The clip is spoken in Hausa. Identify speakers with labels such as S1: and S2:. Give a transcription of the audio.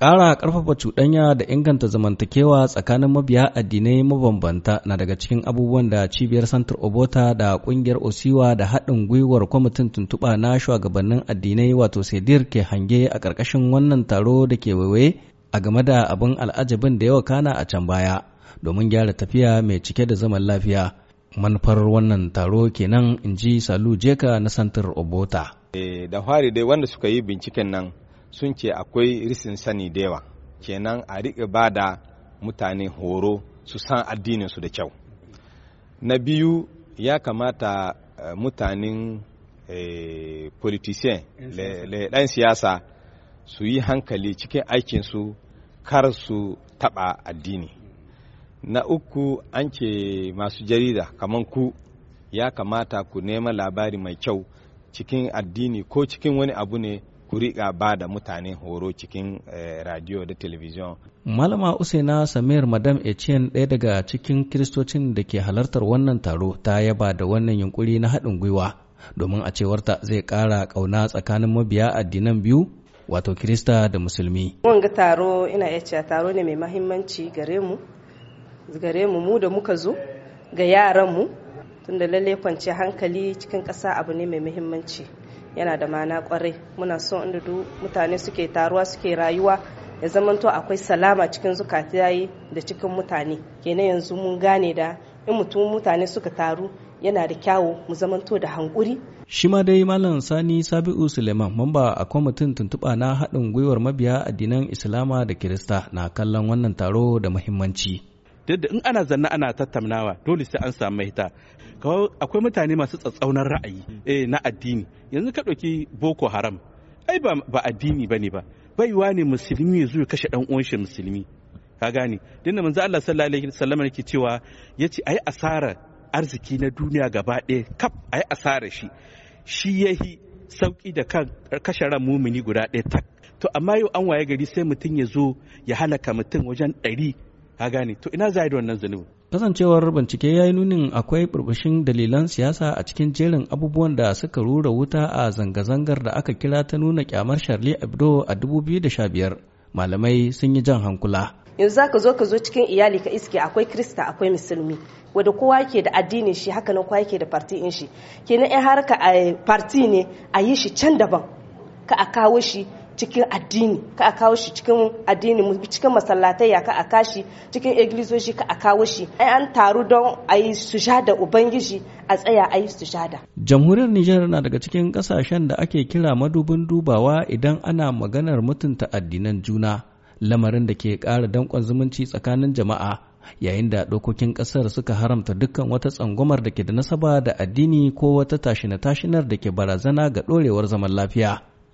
S1: Ƙara ƙarfafa cuɗanya da inganta zamantakewa tsakanin mabiya addinai mabambanta na daga cikin abubuwan da cibiyar Santar Obota da ƙungiyar Osiwa da haɗin gwiwar kwamitin tuntuɓa na shugabannin addinai wato Sedir ke hange a ƙarƙashin wannan taro da ke waiwaye a game da abin al'ajabin da yawa kana a can baya domin gyara tafiya mai cike da zaman lafiya. Manufar wannan taro kenan in ji Salu Jeka na Santar Obota.
S2: Eh, da fari dai wanda suka yi binciken nan sun ce akwai risin sani da yawa kenan a riƙe ba da mutane horo su san addininsu da kyau na biyu ya kamata eh, mutanen eh, politician ɗan siyasa su yi hankali cikin aikinsu kar su taɓa addini na uku an ce masu jarida kamar ku ya kamata ku nema labari mai kyau cikin addini ko cikin wani abu ne ku riƙa ba da mutane horo cikin eh, radio da television.
S1: Malama Usaina Samir Madam Etienne ɗaya daga cikin kiristocin da ke halartar wannan taro ta yaba da wannan yunkuri na haɗin gwiwa domin a cewarta zai ƙara ƙauna tsakanin mabiya addinan biyu wato Kirista da Musulmi.
S3: Wanga taro ina iya cewa taro ne mai mahimmanci gare mu, gare mu mu da muka zo ga yaran mu tunda lalle kwanciyar hankali cikin ƙasa abu ne mai mahimmanci. yana da mana kwarai muna so inda duk mutane suke taruwa suke rayuwa ya zamanto akwai salama cikin yayi da cikin mutane kenan yanzu mun gane da in mutum mutane suka taru yana da kyawu mu zamanto da hankuri
S1: shi ma dai malam sani sabi'u suleiman mamba a kwamitin tuntuɓa na haɗin gwiwar mabiya addinan islama da kirista na kallon wannan taro da muhimmanci
S4: yadda in ana zanna ana tattaunawa dole sai an samu mahita akwai mutane masu tsatsaunan ra'ayi eh na addini yanzu ka ɗauki boko haram ai ba addini bane ba baiwa ne musulmi ya zo ya kashe dan uwan shi musulmi ka gane dinda manzo Allah sallallahu alaihi wasallam yake cewa yace ai asara arziki na duniya gaba ɗaya kaf ai asara shi shi yahi sauki da kan kashe ran mumini guda ɗaya tak to amma yau an waye gari sai mutum ya zo ya halaka mutum wajen ɗari ka gane to ina za a yi da wannan zunubin
S1: kasancewar bincike ya yi nunin akwai burbushin dalilan siyasa a cikin jerin abubuwan da suka rura wuta a zanga-zangar da aka kira ta nuna kyamar Charlie Hebdo a 2015 malamai sun yi jan hankula
S3: yanzu za ka zo ka zo cikin iyali ka iske akwai krista akwai musulmi wadda kowa yake da addinin shi haka nan kowa yake da parti in shi kenan ƴan harka a eh, parti ne a yi shi can daban ka a kawo shi cikin addini ka a kawo shi cikin addini cikin masallatai ya ka a kashi cikin iglizoshi ka a kawo shi ai an taru don a yi sujada ubangiji a tsaya a yi sujada
S1: jamhuriyar nijar na daga cikin kasashen da ake kira madubin dubawa idan ana maganar mutunta addinan juna lamarin da ke ƙara danƙon zumunci tsakanin jama'a yayin da dokokin ƙasar suka haramta dukkan wata tsangwamar da ke da nasaba da addini ko wata tashina-tashinar da ke barazana ga ɗorewar zaman lafiya.